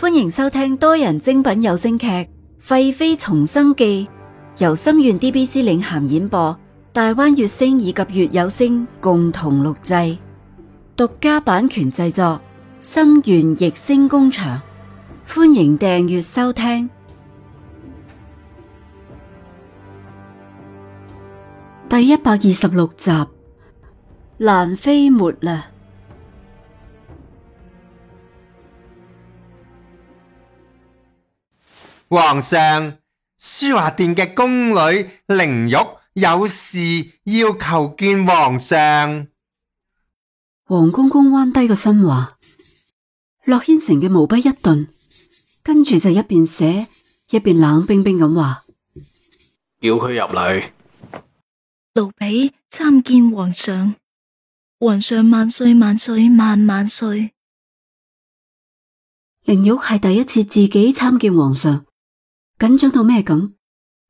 歡迎收聽多人精品有聲劇《廢妃重生記》，由心願 DBC 領銜演播，大灣月星以及月有聲共同錄製，獨家版權製作，心願逸星工場。歡迎訂閱收聽第一百二十六集《蘭妃沒了》。皇上，舒華殿嘅宮女凌玉有事要求見皇上。黃公公彎低個身話：駱軒成嘅毛筆一頓，跟住就一邊寫一邊冷冰冰咁話：叫佢入嚟。奴婢參見皇上，皇上萬歲萬歲萬,萬萬歲。凌玉係第一次自己參見皇上。緊張到咩咁？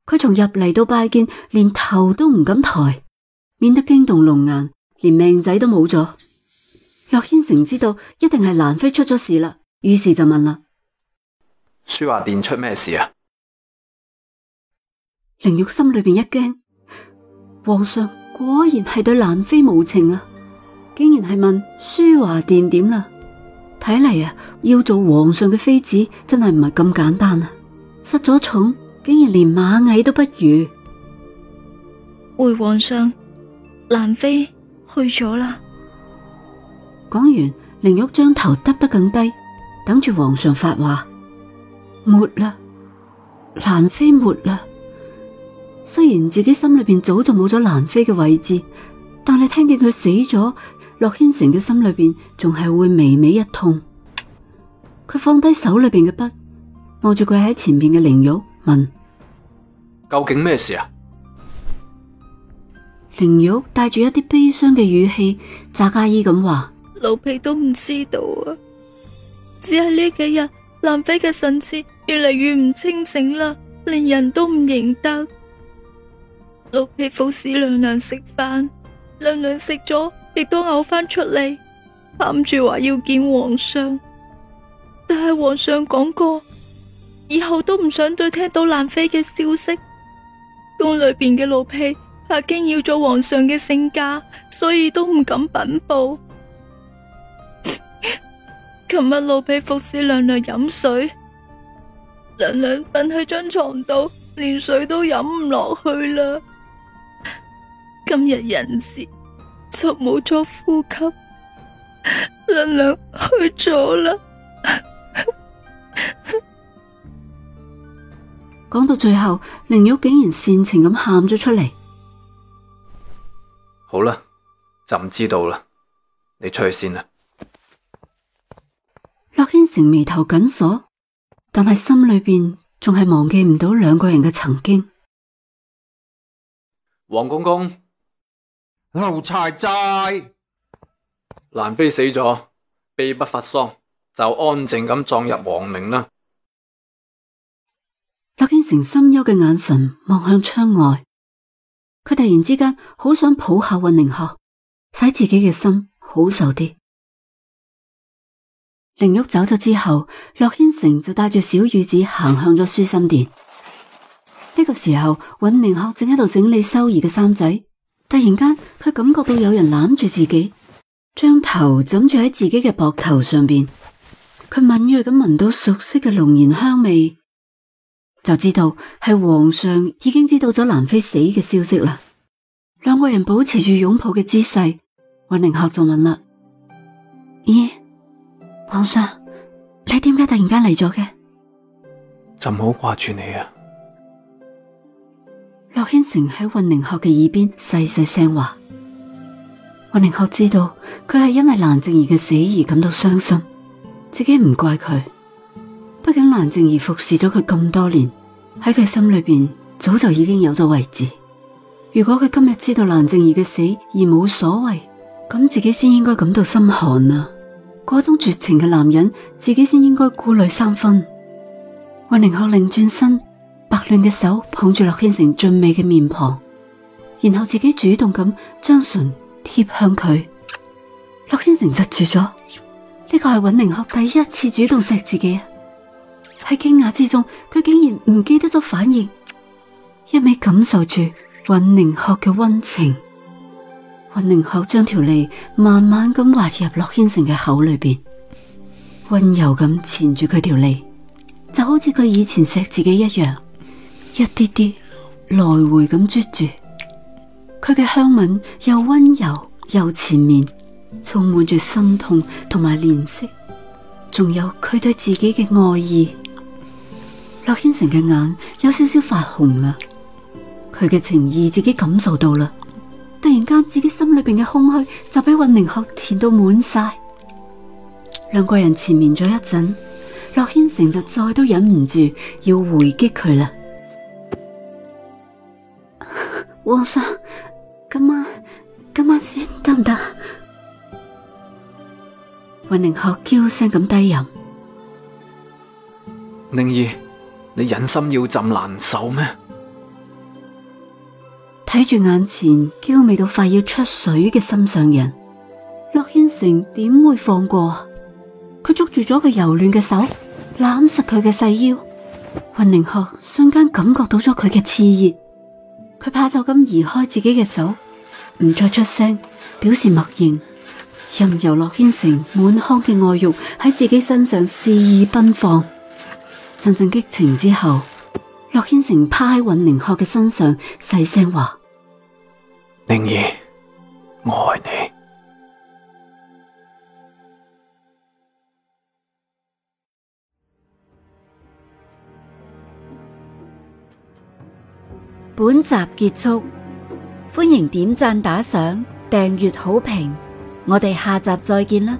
佢從入嚟到拜見，連頭都唔敢抬，免得驚動龍顏，連命仔都冇咗。洛軒成知道一定係蘭妃出咗事啦，於是就問啦：書華殿出咩事啊？凌玉心裏邊一驚，皇上果然係對蘭妃無情啊！竟然係問書華殿點啦？睇嚟啊，要做皇上嘅妃子，真係唔係咁簡單啊！失咗重，竟然連螞蟻都不如。回皇上，蘭妃去咗啦。講完，凌玉將頭耷得更低，等住皇上發話。沒啦，蘭妃沒啦。雖然自己心裏邊早就冇咗蘭妃嘅位置，但係聽見佢死咗，洛軒成嘅心裏邊仲係會微微一痛。佢放低手裏邊嘅筆。望住佢喺前面嘅靈玉問：究竟咩事啊？靈玉帶住一啲悲傷嘅語氣，詐假意咁話：老婢都唔知道啊，只係呢幾日蘭妃嘅神智越嚟越唔清醒啦，連人都唔認得。老婢服侍娘娘食飯，娘娘食咗亦都嘔翻出嚟，喊住話要見皇上，但係皇上講過。以後都唔想再聽到蘭妃嘅消息。宮裏邊嘅奴婢怕驚擾咗皇上嘅聖駕，所以都唔敢稟報。琴日奴婢服侍娘娘飲水，娘娘瞓喺張床度，連水都飲唔落去啦。今日人事就冇咗呼吸，娘娘去咗啦。講到最後，凌玉竟然煽情咁喊咗出嚟。好啦，朕知道啦，你出去先啦。洛軒成眉頭緊鎖，但係心裏邊仲係忘記唔到兩個人嘅曾經。王公公，奴才在。蘭妃死咗，秘不發喪，就安靜咁葬入皇陵啦。駱軒成深幽嘅眼神望向窗外，佢突然之間好想抱下尹寧鶴，使自己嘅心好受啲。寧玉走咗之後，駱軒成就帶住小雨子行向咗舒心殿。呢、這個時候，尹寧鶴正喺度整理修儀嘅衫仔，突然間佢感覺到有人攬住自己，將頭枕住喺自己嘅膊頭上邊，佢敏銳咁聞到熟悉嘅龍涎香味。就知道係皇上已經知道咗蘭妃死嘅消息啦。兩個人保持住擁抱嘅姿勢，尹寧鶴就問啦：咦、eh?，皇上，你點解突然間嚟咗嘅？朕好掛住你啊！駱軒成喺尹寧鶴嘅耳邊細細聲話：尹寧鶴知道佢係因為蘭靜兒嘅死而感到傷心，自己唔怪佢。畢竟蘭靜儀服侍咗佢咁多年，喺佢心裏邊早就已經有咗位置。如果佢今日知道蘭靜儀嘅死而冇所謂，咁自己先應該感到心寒啊！嗰種絕情嘅男人，自己先應該顧慮三分。尹寧鶴擰轉身，白嫩嘅手捧住駱軒成俊美嘅面龐，然後自己主動咁將唇貼向佢。駱軒成窒住咗，呢、這個係尹寧鶴第一次主動錫自己啊！喺驚訝之中，佢竟然唔記得咗反應，一味感受住尹寧鶴嘅溫情。尹寧鶴將條脷慢慢咁滑入駱軒成嘅口裏邊，溫柔咁纏住佢條脷，就好似佢以前錫自己一樣，一啲啲來回咁啜住。佢嘅香吻又溫柔又纏綿，充滿住心痛同埋憐惜，仲有佢對自己嘅愛意。洛軒成嘅眼有少少發紅啦，佢嘅情意自己感受到啦，突然間自己心裏邊嘅空虛就俾尹寧鶴填到滿晒，兩個人纏綿咗一陣，洛軒成就再都忍唔住要回擊佢啦。皇上，今晚今晚先得唔得？尹寧鶴嬌聲咁低吟，寧兒。你忍心要朕難受咩？睇住眼前嬌媚到快要出水嘅心上人，洛軒城點會放過？佢捉住咗佢柔嫩嘅手，攬實佢嘅細腰。雲寧鶴瞬間感覺到咗佢嘅熾熱，佢怕就咁移開自己嘅手，唔再出聲表示默認，任由洛軒城滿腔嘅愛慾喺自己身上肆意奔放。陣陣激情之後，洛軒成趴喺尹凝鶴嘅身上，細聲話：凝兒，我愛你。本集結束，歡迎點讚、打賞、訂閱、好評，我哋下集再見啦！